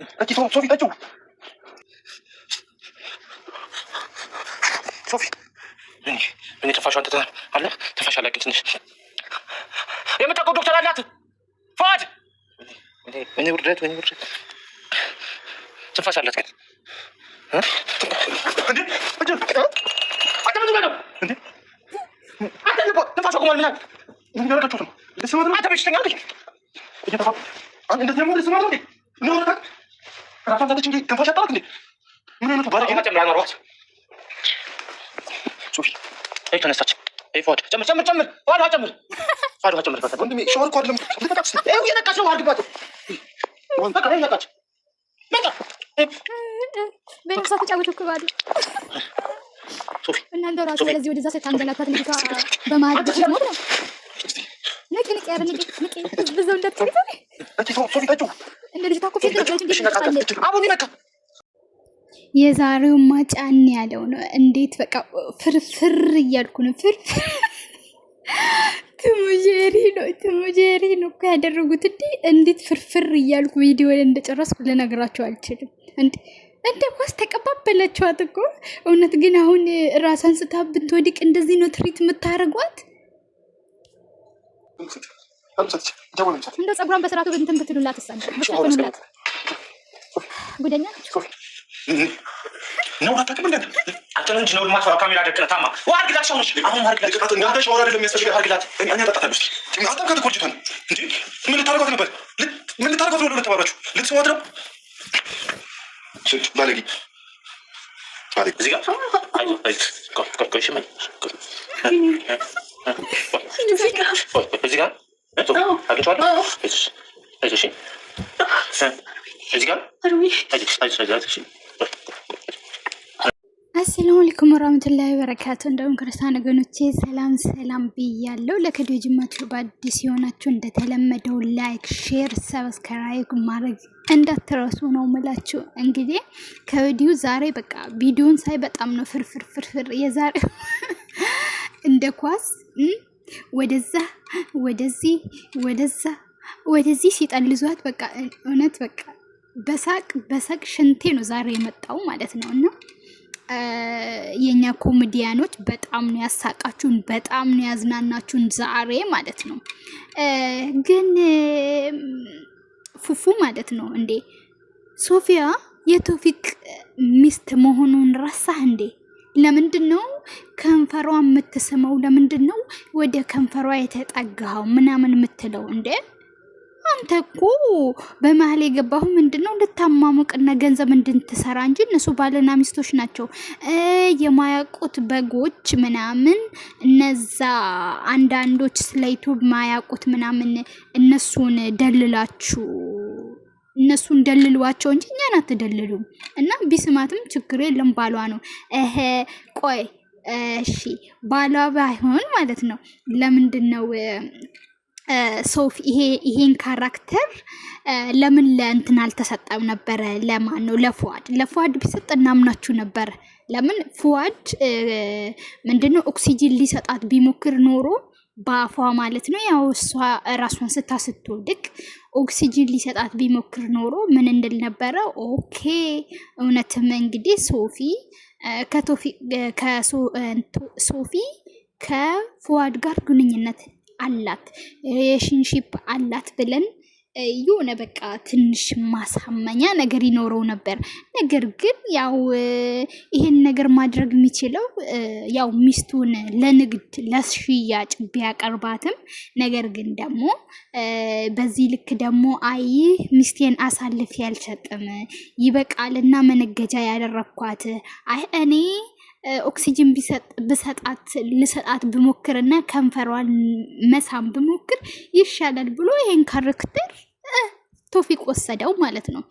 أتي توم صوفي أتو صوفي بني بني تنفعش أنت تنام هلا تنفعش لكن تنش يا متى قول دكتور أنات فاد بني بني ورجعت بني ورجعت تنفعش لكن كده ها انت انت أنت من زمان انت أنت اللي تنفعش انت من هناك انت هناك تشوفهم انت ما أنت مش تنعدي أنت تفهم أنت تفهم انت ما أنت ትንፋሽ ትንፋሽ አጣራት እንዴ? ምን አይነቱ ባረቂ ጨምር ያመሯት። ሶፊ ይህ ተነሳች። ፎድ ጨምር ጨምር ጨምር ፏድ ጨምር ፏድ ጨምር ወንድሜ ሸወር ኳድ ለምን ልጠቃች እየነቃች ነው አድርባት በቃ ነቃች በቃ በነፍሳ ተጫወቱ ክባዱ እናንተ ራሱ ለዚህ ወደዛ ሴት አንገላታት እንዴታ በመሀል ሞት ነው ንቂ ንቂ ያረ ንቂ ንቂ ብዘው እንዳትቀሪ ሶፊ ታችሁ የዛሬው ማጫን ያለው ነው። እንዴት በቃ ፍርፍር እያልኩ ነው። ፍርፍር ትሙጀሪ ነው ትሙጀሪ ነው እኮ ያደረጉት እንዴ! እንዴት ፍርፍር እያልኩ ቪዲዮ እንደጨረስኩ ልነግራቸው አልችልም። እንዴ እንደ ኳስ ተቀባበለችዋት እኮ እውነት ግን፣ አሁን ራሷን ስታ ብትወድቅ እንደዚህ ነው ትሪት የምታደርጓት። እንደ ጸጉሯን በስርዓቱ እንትን ብትሉላት ብትፈኑላት ጉደኛ ነው አሰላሙ አለይኩም ወራህመቱላሂ በረካቱ። እንደውም ክርስቲያን ወገኖቼ ሰላም ሰላም ብያለሁ። ለከዲዮ ጅማችሁ በአዲስ የሆናችሁ እንደተለመደው ላይክ፣ ሼር፣ ሰብስክራይብ ማድረግ እንዳትረሱ ነው ምላችሁ። እንግዲህ ከወዲሁ ዛሬ በቃ ቪዲዮን ሳይ በጣም ነው ፍርፍር ፍርፍር የዛሬው እንደ ኳስ ወደዛ ወደዚህ ወደዛ ወደዚህ ሲጠልዟት በቃ እውነት በቃ በሳቅ በሳቅ ሽንቴ ነው ዛሬ የመጣው ማለት ነው። እና የእኛ ኮሜዲያኖች በጣም ነው ያሳቃችሁን፣ በጣም ነው ያዝናናችሁን ዛሬ ማለት ነው። ግን ፉፉ ማለት ነው እንዴ ሶፊያ የቶፊቅ ሚስት መሆኑን ረሳህ እንዴ? ለምንድን ነው ከንፈሯ የምትስመው? ለምንድን ነው ወደ ከንፈሯ የተጠጋኸው? ምናምን የምትለው እንዴ? አንተ እኮ በመሀል የገባሁ ምንድን ነው እንድታማሙቅና ገንዘብ እንድትሰራ እንጂ እነሱ ባልና ሚስቶች ናቸው። የማያውቁት በጎች ምናምን እነዛ አንዳንዶች ስለ ዩቱብ ማያውቁት ምናምን እነሱን ደልላችሁ እነሱ እንደልሏቸው እንጂ እኛን አትደልሉም። እና ቢስማትም ችግር የለም ባሏ ነው። ቆይ እሺ ባሏ ባይሆን ማለት ነው ለምንድን ነው ሶፊ ይሄን ካራክተር ለምን ለእንትን አልተሰጠም ነበረ? ለማን ነው? ለፍዋድ ለፍዋድ ቢሰጥ እናምናችሁ ነበረ። ለምን ፍዋድ ምንድነው ኦክሲጂን ሊሰጣት ቢሞክር ኖሮ በአፏ ማለት ነው። ያው እሷ ራሷን ስታ ስትወድቅ ኦክሲጅን ሊሰጣት ቢሞክር ኖሮ ምን እንድል ነበረ? ኦኬ እውነትም እንግዲህ ሶፊ ሶፊ ከፉአድ ጋር ግንኙነት አላት፣ ሪሌሽንሺፕ አላት ብለን የሆነ በቃ ትንሽ ማሳመኛ ነገር ይኖረው ነበር። ነገር ግን ያው ይሄን ነገር ማድረግ የሚችለው ያው ሚስቱን ለንግድ ለሽያጭ ቢያቀርባትም ነገር ግን ደግሞ በዚህ ልክ ደግሞ አይ ሚስቴን አሳልፌ አልሰጥም፣ ይበቃልና መነገጃ ያደረኳት አይ እኔ ኦክሲጅን ብሰጣት ልሰጣት ብሞክርና ከንፈሯን መሳም ብሞክር ይሻላል ብሎ ይሄን ካረክተር ቶፊቅ ወሰደው ማለት ነው።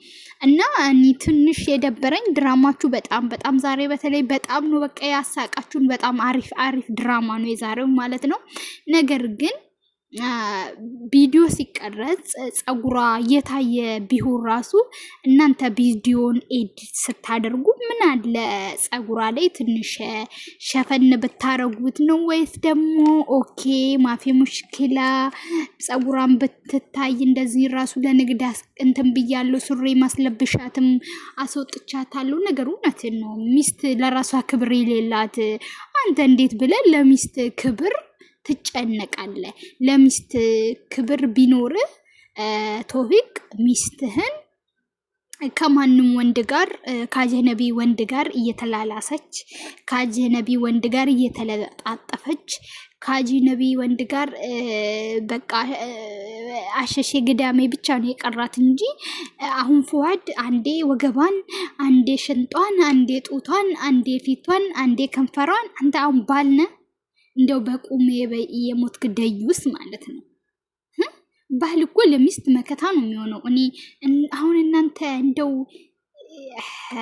እና እኔ ትንሽ የደበረኝ ድራማችሁ በጣም በጣም ዛሬ በተለይ በጣም ነው በቃ ያሳቃችሁን። በጣም አሪፍ አሪፍ ድራማ ነው የዛሬው ማለት ነው ነገር ግን ቪዲዮ ሲቀረጽ ጸጉሯ እየታየ ቢሆን ራሱ እናንተ ቪዲዮን ኤዲት ስታደርጉ ምን አለ ጸጉሯ ላይ ትንሽ ሸፈን ብታረጉት ነው ወይስ ደግሞ ኦኬ ማፊ ሙሽኪላ ጸጉሯን ብትታይ እንደዚህ ራሱ ለንግድ እንትን ብያለሁ ሱሪ ማስለብሻትም አስወጥቻታለሁ። ነገሩ እውነትን ነው። ሚስት ለራሷ ክብር የሌላት አንተ እንዴት ብለን ለሚስት ክብር ትጨነቃለህ። ለሚስት ክብር ቢኖርህ ቶፊቅ ሚስትህን ከማንም ወንድ ጋር ከአጀነቢ ወንድ ጋር እየተላላሰች ከአጀነቢ ወንድ ጋር እየተለጣጠፈች ከአጀነቢ ወንድ ጋር በቃ አሸሼ ግዳሜ ብቻ ነው የቀራት እንጂ አሁን ፍዋድ አንዴ ወገቧን፣ አንዴ ሽንጧን፣ አንዴ ጡቷን፣ አንዴ ፊቷን፣ አንዴ ከንፈሯን አንተ አሁን ባልነ እንደው በቁም የሞት ግዳይ ውስጥ ማለት ነው። ባል እኮ ለሚስት መከታ ነው የሚሆነው። እኔ አሁን እናንተ እንደው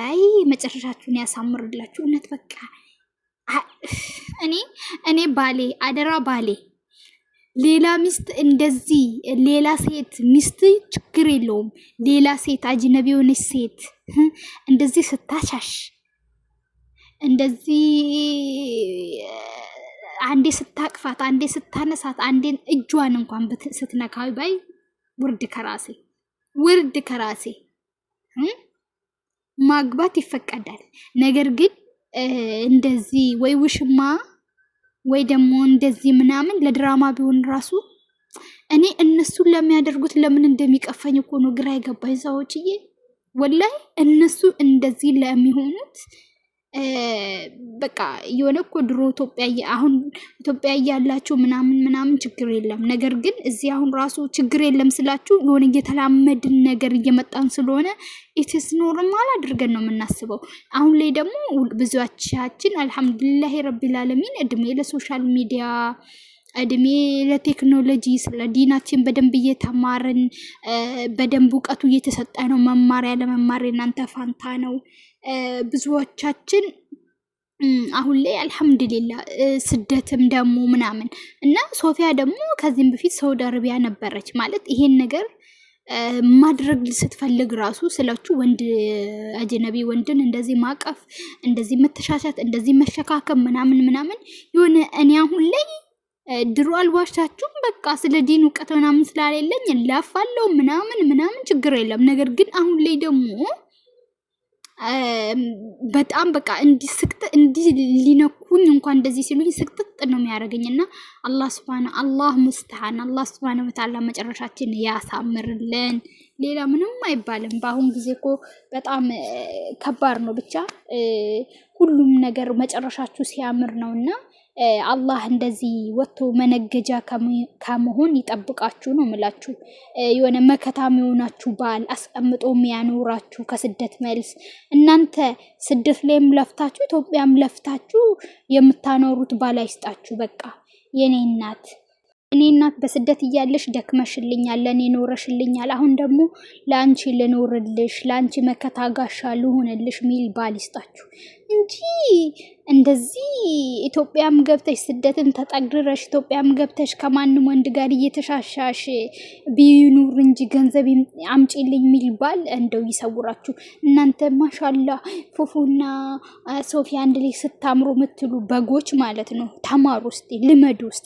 አይ መጨረሻችሁን ያሳምርላችሁ። እውነት በቃ እኔ እኔ ባሌ አደራ ባሌ ሌላ ሚስት እንደዚህ ሌላ ሴት ሚስት ችግር የለውም። ሌላ ሴት አጅነቢ የሆነች ሴት እንደዚህ ስታሻሽ እንደዚህ አንዴ ስታቅፋት፣ አንዴ ስታነሳት፣ አንዴን እጇን እንኳን ስትነካዊ ባይ ውርድ ከራሴ ውርድ ከራሴ ማግባት ይፈቀዳል። ነገር ግን እንደዚህ ወይ ውሽማ ወይ ደግሞ እንደዚህ ምናምን ለድራማ ቢሆን ራሱ እኔ እነሱን ለሚያደርጉት ለምን እንደሚቀፈኝ እኮ ነው ግራ የገባኝ ሰዎችዬ። ወላይ እነሱ እንደዚህ ለሚሆኑት በቃ የሆነ እኮ ድሮ ኢትዮጵያ አሁን ኢትዮጵያ እያላችሁ ምናምን ምናምን ችግር የለም። ነገር ግን እዚህ አሁን ራሱ ችግር የለም ስላችሁ የሆነ እየተላመድን ነገር እየመጣን ስለሆነ ኢትስ ኖርማል አድርገን ነው የምናስበው። አሁን ላይ ደግሞ ብዙዎቻችን አልሐምዱሊላህ ረቢል እድሜ ለሶሻል ሚዲያ እድሜ ለቴክኖሎጂ ስለ ዲናችን በደንብ እየተማርን በደንብ እውቀቱ እየተሰጠ ነው። መማሪያ ለመማር የእናንተ ፋንታ ነው። ብዙዎቻችን አሁን ላይ አልሐምድሌላ ስደትም ደግሞ ምናምን እና ሶፊያ ደግሞ ከዚህም በፊት ሳውዲ አረቢያ ነበረች ማለት ይሄን ነገር ማድረግ ስትፈልግ ራሱ ስላችሁ ወንድ አጀነቢ ወንድን እንደዚህ ማቀፍ፣ እንደዚህ መተሻሻት፣ እንደዚህ መሸካከም ምናምን ምናምን የሆነ እኔ አሁን ላይ ድሮ አልዋሻችሁም። በቃ ስለ ዲን እውቀት ምናምን ስላሌለኝ ላፋለው ምናምን ምናምን ችግር የለም። ነገር ግን አሁን ላይ ደግሞ በጣም በቃ እንዲስክት ስቅጥ እንዲህ ሊነኩኝ እንኳን እንደዚህ ሲሉኝ ስክትጥ ነው የሚያደርገኝ እና አላህ ስብሃነ አላህ ሙስተሃን አላህ ስብሃነ ወተዓላ መጨረሻችን ያሳምርልን። ሌላ ምንም አይባልም። በአሁን ጊዜ እኮ በጣም ከባድ ነው። ብቻ ሁሉም ነገር መጨረሻችሁ ሲያምር ነው እና አላህ እንደዚህ ወጥቶ መነገጃ ከመሆን ይጠብቃችሁ ነው ምላችሁ። የሆነ መከታም የሆናችሁ ባል አስቀምጦ የሚያኖራችሁ ከስደት መልስ። እናንተ ስደት ላይም ለፍታችሁ ኢትዮጵያም ለፍታችሁ የምታኖሩት ባል አይስጣችሁ። በቃ የኔ እናት እኔ እናት በስደት እያለሽ ደክመሽልኛል፣ ለእኔ ኖረሽልኛል። አሁን ደግሞ ለአንቺ ልኖርልሽ፣ ለአንቺ መከታ ጋሻ ልሆንልሽ ሚል ባል ይስጣችሁ እንጂ እንደዚህ ኢትዮጵያም ገብተሽ ስደትም ተጠግረሽ ኢትዮጵያም ገብተሽ ከማንም ወንድ ጋር እየተሻሻሽ ቢኑር እንጂ ገንዘብ አምጪልኝ ሚል ባል እንደው ይሰውራችሁ። እናንተ ማሻላ ፉፉና ሶፊያ አንድ ላይ ስታምሩ የምትሉ በጎች ማለት ነው። ተማሩ ውስጥ ልመድ ውስጥ